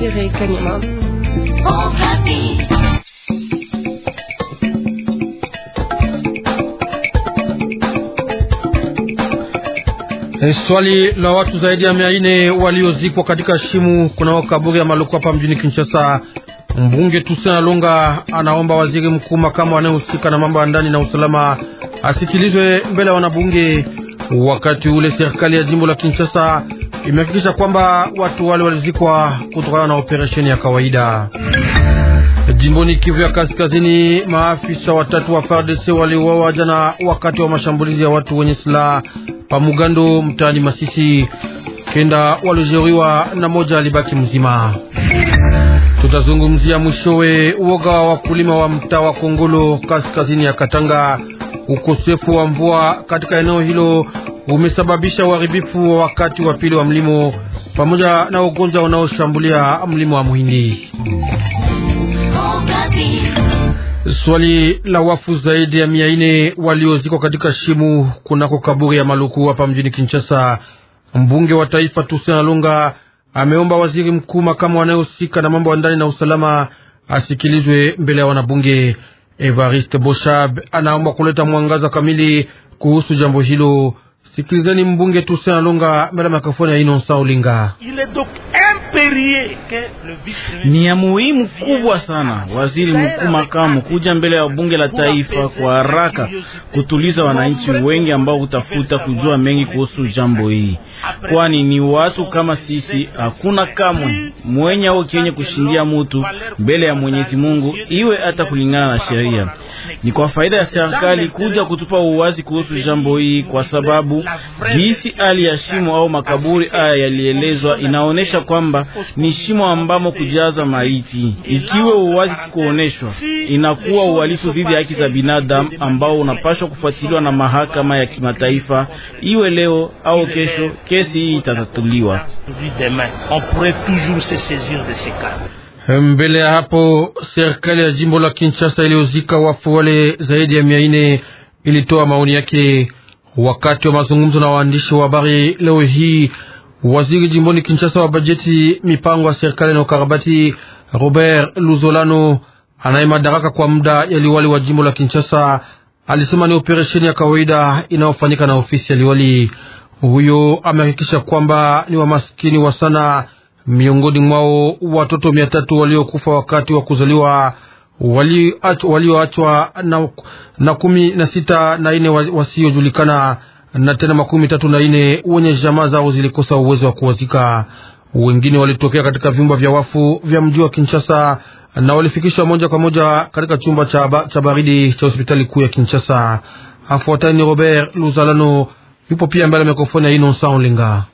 Desire Kanyama. Oh, eh, swali la watu zaidi ya mia nne waliozikwa katika shimu kuna kaburi ya Maluku hapa mjini Kinshasa. Mbunge Tusen Alonga anaomba waziri mkuu makamu anayehusika na mambo ya ndani na usalama asikilizwe mbele ya wanabunge. Wakati ule serikali ya jimbo la Kinshasa imehakikisha kwamba watu wale walizikwa kutokana na operesheni ya kawaida. Jimboni Kivu ya Kaskazini, maafisa watatu wa FARDC waliuawa jana wakati wa mashambulizi ya watu wenye silaha Pamugando mtaani Masisi. Kenda walijeruhiwa na moja alibaki mzima. Tutazungumzia mwishowe uoga wa wakulima wa mtaa wa Kongolo kaskazini ya Katanga, ukosefu wa mvua katika eneo hilo umesababisha uharibifu wa wakati wa pili wa mlimo pamoja na ugonjwa unaoshambulia mlimo wa muhindi. Swali la wafu zaidi ya mia nne waliozikwa katika shimu kunako kaburi ya Maluku hapa mjini Kinshasa. Mbunge wa taifa Tusena Alunga ameomba waziri mkuu makamu anayehusika na mambo ya ndani na usalama asikilizwe mbele ya wanabunge. Evariste Boshab anaomba kuleta mwangaza kamili kuhusu jambo hilo. Sikilizeni mbunge Toussaint Alonga mbele makafoni ya Inonsa Olinga. Ni ya muhimu kubwa sana waziri mkuu makamu kuja mbele ya bunge la taifa kwa haraka kutuliza wananchi wengi ambao kutafuta kujua mengi kuhusu jambo hii, kwani ni watu kama sisi. Hakuna kamwe mwenye au kenye kushindia mutu mbele ya Mwenyezi Mungu, iwe hata kulingana na sheria. Ni kwa faida ya serikali kuja kutupa uwazi kuhusu jambo hii, kwa sababu Jinsi hali ya shimo au makaburi haya yalielezwa, inaonyesha kwamba ni shimo ambamo kujaza maiti. Ikiwa uwazi sikuonyeshwa, inakuwa uhalifu dhidi ya haki za binadamu ambao unapashwa kufuatiliwa na mahakama ya kimataifa, iwe leo au kesho. Kesi hii itatatuliwa. Mbele ya hapo serikali ya jimbo la Kinshasa iliyozika wafu wale zaidi ya mia nne ilitoa maoni yake. Wakati wa mazungumzo na waandishi wa habari leo hii, waziri jimboni Kinshasa wa bajeti, mipango ya serikali na ukarabati, Robert Luzolano, anaye madaraka kwa muda ya liwali wa jimbo la Kinshasa, alisema ni operesheni ya kawaida inayofanyika na ofisi ya liwali huyo. Amehakikisha kwamba ni wamaskini wa sana, miongoni mwao watoto mia tatu waliokufa wakati wa kuzaliwa walioachwa na, na kumi na sita na ine wasiojulikana na tena makumi tatu na ine wenye jamaa zao zilikosa uwezo wa kuwazika. Wengine walitokea katika vyumba vya wafu vya mji wa Kinshasa na walifikishwa moja kwa moja katika chumba cha baridi cha hospitali kuu ya Kinshasa. Afuatani Robert Luzalano yupo pia mbele ya mikrofoni ya Innocent Olinga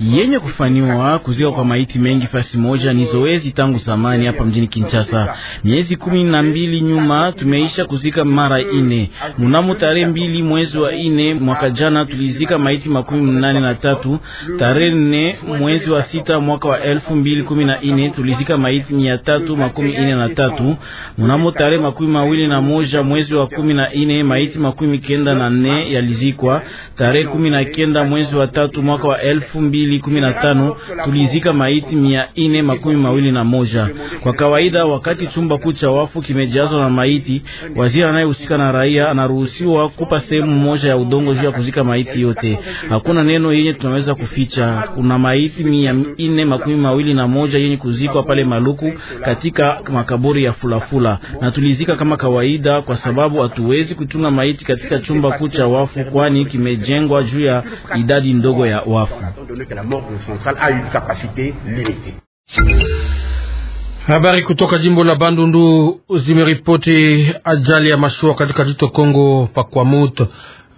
yenye kufaniwa kuzika kwa maiti mengi fasi moja ni zoezi tangu zamani hapa mjini Kinshasa. Miezi kumi na mbili nyuma tumeisha kuzika mara ine. Mnamo tarehe mbili mwezi wa ine mwaka jana tulizika maiti makumi mnane na tatu. Tarehe nne mwezi wa sita mwaka wa elfu mbili kumi na ine tulizika maiti mia tatu makumi ine na tatu. Mnamo tarehe makumi mawili na moja mwezi wa kumi na ine maiti makumi kenda na nne yalizikwa tarehe kumi na kenda mwezi wa tatu mwaka wa elfu mbili kumi na tano tulizika maiti mia ine makumi mawili na moja. Kwa kawaida, wakati chumba kuu cha wafu kimejazwa na maiti, waziri anayehusika na raia anaruhusiwa kupa sehemu moja ya udongo juu ya kuzika maiti yote. Hakuna neno yenye tunaweza kuficha. Kuna maiti mia ine makumi mawili na moja yenye kuzikwa pale Maluku katika makaburi ya Fulafula, na tulizika kama kawaida, kwa sababu hatuwezi kutunga maiti katika chumba kuu cha wafu, kwani kimejengwa juu kuzuia idadi ndogo ya wafu. Habari kutoka jimbo la Bandundu zimeripoti ajali ya mashua katika jito Kongo Pakwamut.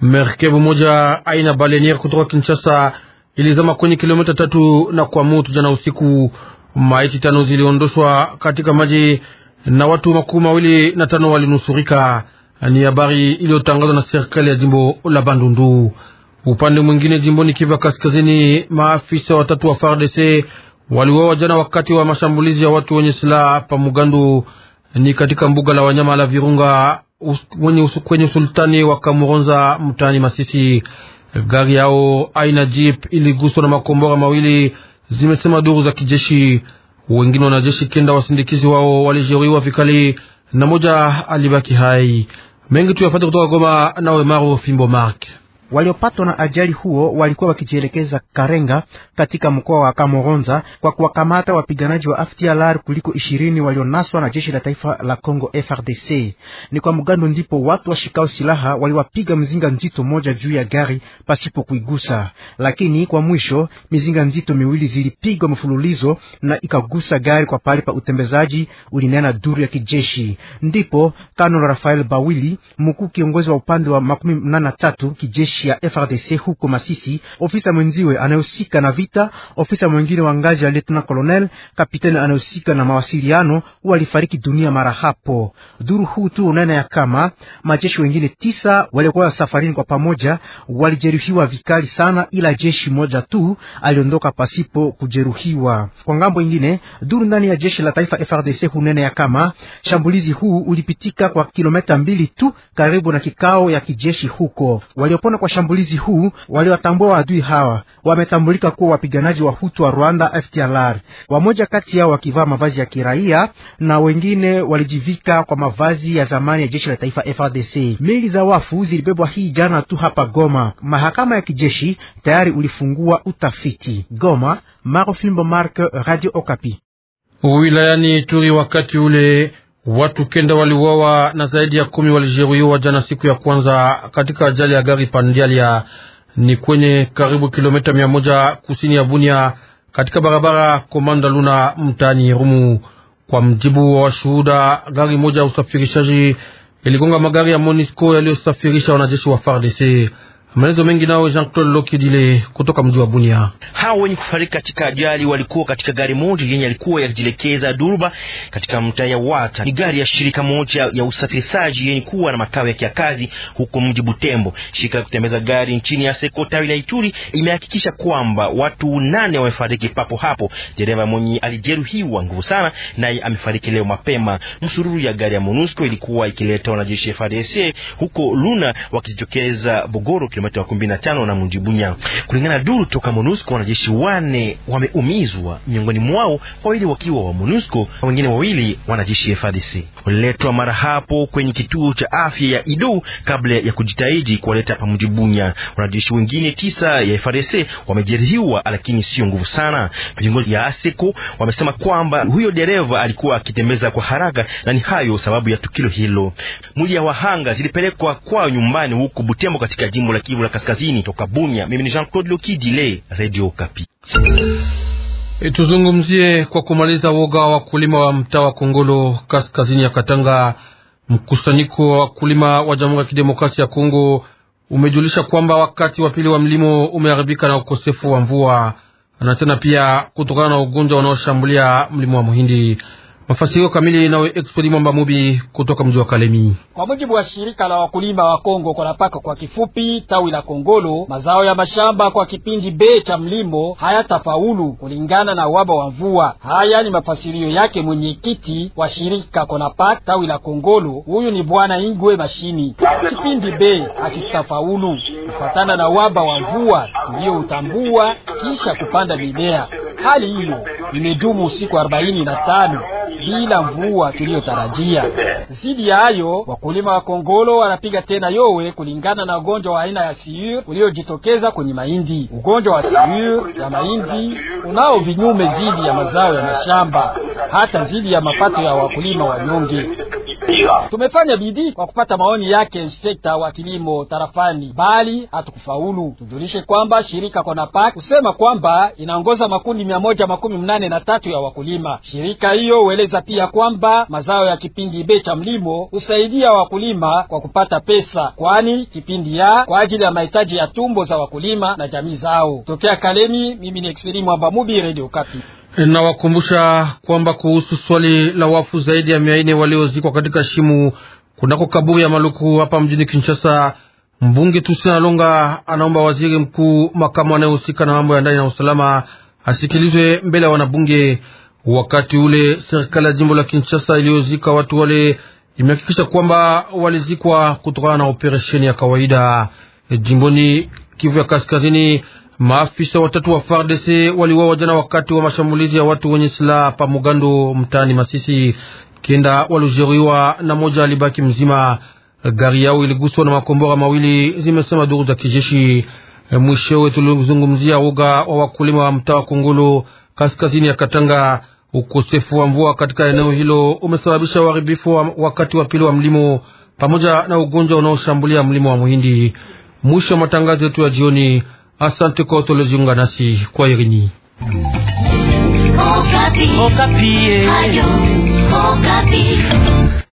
Merkebu moja aina balenier kutoka Kinshasa ilizama kwenye kilomita tatu na Kwamut jana usiku. Maiti tano ziliondoshwa katika maji na watu makumi mawili na tano walinusurika. Ni habari iliyotangazwa na serikali ya jimbo la Bandundu. Upande mwingine, jimboni Kiva Kaskazini, maafisa watatu wa FARDC waliuawa jana wakati wa mashambulizi ya watu wenye silaha hapa Mugandu, ni katika mbuga la wanyama la Virunga kwenye usultani wa Kamuronza mtaani Masisi. Gari yao aina jeep iliguswa na makombora mawili, zimesema duru za kijeshi. Wengine wanajeshi kenda wasindikizi wao walijeruhiwa vikali na moja alibaki hai. Mengi tuyapate kutoka Goma, nawe Maro Fimbo Mark. Waliopatwa na ajali huo walikuwa wakijielekeza Karenga katika mkoa wa Kamoronza kwa kuwakamata wapiganaji wa FDLR kuliko ishirini walionaswa na jeshi la taifa la Congo FRDC. Ni kwa mgando ndipo watu washikao silaha waliwapiga mzinga nzito moja juu ya gari pasipo kuigusa, lakini kwa mwisho mizinga nzito miwili zilipigwa mfululizo na ikagusa gari kwa pale pa utembezaji, ulinena duru ya kijeshi. Ndipo Kanol Rafael Bawili, mkuu kiongozi wa upande wa makumi mnane na tatu kijeshi majeshi ya FRDC huko Masisi, ofisa mwenziwe anayehusika na vita, ofisa mwingine wa ngazi ya lieutenant colonel, kapitani anayehusika na mawasiliano walifariki dunia mara hapo. Dhuru huu tu unena ya kama majeshi wengine tisa waliokuwa safarini kwa pamoja walijeruhiwa vikali sana, ila jeshi moja tu aliondoka pasipo kujeruhiwa. Kwa ngambo ingine, dhuru ndani ya jeshi la taifa FRDC hunena ya kama shambulizi huu ulipitika kwa kilomita mbili tu karibu na kikao ya kijeshi huko waliopona kwa shambulizi huu waliwatambua waadui hawa wametambulika kuwa wapiganaji wa Hutu wa Rwanda FDLR, wamoja kati yao wakivaa mavazi ya kiraia na wengine walijivika kwa mavazi ya zamani ya jeshi la taifa frdc Meli za wafu zilibebwa hii jana tu hapa Goma. Mahakama ya kijeshi tayari ulifungua utafiti. Goma, Marofimbo Mark, Radio Okapi. Wilayani Ituri wakati ule Watu kenda waliuawa na zaidi ya kumi walijeruhiwa jana siku ya kwanza katika ajali ya gari pandialia ni kwenye karibu kilomita mia moja kusini ya Bunia katika barabara Komanda Luna mtaani Rumu. Kwa mjibu wa washuhuda, gari moja ya usafirishaji iligonga magari ya Monisco yaliyosafirisha wanajeshi wa FARDC. Maelezo mengi nao Jean Claude Lokidile kutoka mji wa Bunia. Hao wenye kufariki katika ajali walikuwa katika gari moja yenye alikuwa yakijielekeza Durba katika mtaa ya Wata. Ni gari ya shirika moja ya usafirishaji yenye kuwa na makao ya kiakazi huko mji Butembo. Shirika la kutembeza gari nchini ya Seko tawi la Ituri imehakikisha kwamba watu nane wamefariki papo hapo. Dereva mwenye alijeruhiwa nguvu sana naye amefariki leo mapema. Msururu ya gari ya MONUSCO ilikuwa ikileta wanajeshi FARDC huko Luna wakijitokeza Bogoro kilomita makumi na tano na Mundibunya. Kulingana duru toka MONUSCO, wanajeshi wane wameumizwa, miongoni mwao wawili wakiwa wa MONUSCO na wengine wawili wanajeshi FARDC. Waliletwa mara hapo kwenye kituo cha afya ya Idu kabla ya kujitahidi kuwaleta hapa Mundibunya. Wanajeshi wengine tisa ya FARDC wamejeruhiwa, lakini sio nguvu sana. Viongozi ya ASECO wamesema kwamba huyo dereva alikuwa akitembeza kwa haraka na ni hayo sababu ya tukio hilo. Mwili ya wahanga zilipelekwa kwao nyumbani huko Butembo katika jimbo la Kivu la Kaskazini. Toka Bunia, mimi ni Jean Claude Lokidi Radio Kapi. E, tuzungumzie kwa kumaliza woga wa wakulima wa mtaa wa Kongolo kaskazini ya Katanga. Mkusanyiko wa wakulima wa Jamhuri ya Kidemokrasia ya Kongo umejulisha kwamba wakati wa pili wa mlimo umeharibika na ukosefu wa mvua na tena pia kutokana na ugonjwa unaoshambulia mlimo wa muhindi. Mafasirio kamili nawe Expedi Mwamba Mubi kutoka mji wa Kalemi. Kwa mujibu wa shirika la wakulima wa Kongo Konapaka kwa kifupi, tawi la Kongolo, mazao ya mashamba kwa kipindi be cha mlimo hayatafaulu kulingana na uhaba wa mvua. Haya ni mafasirio yake mwenyekiti wa shirika Konapaka tawi la Kongolo, huyu ni Bwana Ingwe Mashini. Kipindi be hakitafaulu kufatana na uhaba wa mvua tuliyoutambua kisha kupanda mimea. Hali hiyo imedumu siku arobaini na tano bila mvua tuliyotarajia. Zidi ya hayo, wakulima wa Kongolo wanapiga tena yowe kulingana na ugonjwa wa aina ya siur uliojitokeza kwenye mahindi. Ugonjwa wa siur ya mahindi unao vinyume zidi ya mazao ya mashamba, hata zidi ya mapato ya wakulima wanyonge. Tumefanya bidii kwa kupata maoni yake inspekta wa kilimo tarafani, bali hatukufaulu. Tujulishe kwamba shirika Konapak kusema kwamba inaongoza makundi mia moja makumi mnane na tatu ya wakulima. Shirika hiyo hueleza pia kwamba mazao ya kipindi be cha mlimo husaidia wakulima kwa kupata pesa, kwani kipindi ya kwa ajili ya mahitaji ya tumbo za wakulima na jamii zao. Tokea Kalemi, mimi ni Experi Mwamba Mubi, Radio Kapi. Nawakumbusha kwamba kuhusu swali la wafu zaidi ya mia nne waliozikwa katika shimu kunako kaburi ya Maluku hapa mjini Kinshasa, mbunge Tusina Longa anaomba waziri mkuu makamu anayehusika na mambo ya ndani na usalama asikilizwe mbele ya wanabunge. Wakati ule serikali ya jimbo la Kinshasa iliyozika watu wale imehakikisha kwamba walizikwa kutokana na operesheni ya kawaida jimboni Kivu ya Kaskazini. Maafisa watatu wa FARDC waliwawa jana wakati wa mashambulizi ya watu wenye silaha pa Mugando mtaani Masisi. Kenda walijeruhiwa na moja alibaki mzima. Gari yao iliguswa na makombora mawili, zimesema duru za kijeshi. Mwishowe tulizungumzia uga wa wakulima wa mtaa wa Kongolo kaskazini ya Katanga. Ukosefu wa mvua katika eneo hilo umesababisha uharibifu wa wakati wa pili wa mlimo pamoja na ugonjwa unaoshambulia mlimo wa muhindi. Mwisho wa matangazo yetu ya jioni. Asante kwa utolojiunga nasi kwa irini Okapi. Okapi. Eh. Ayo, Okapi.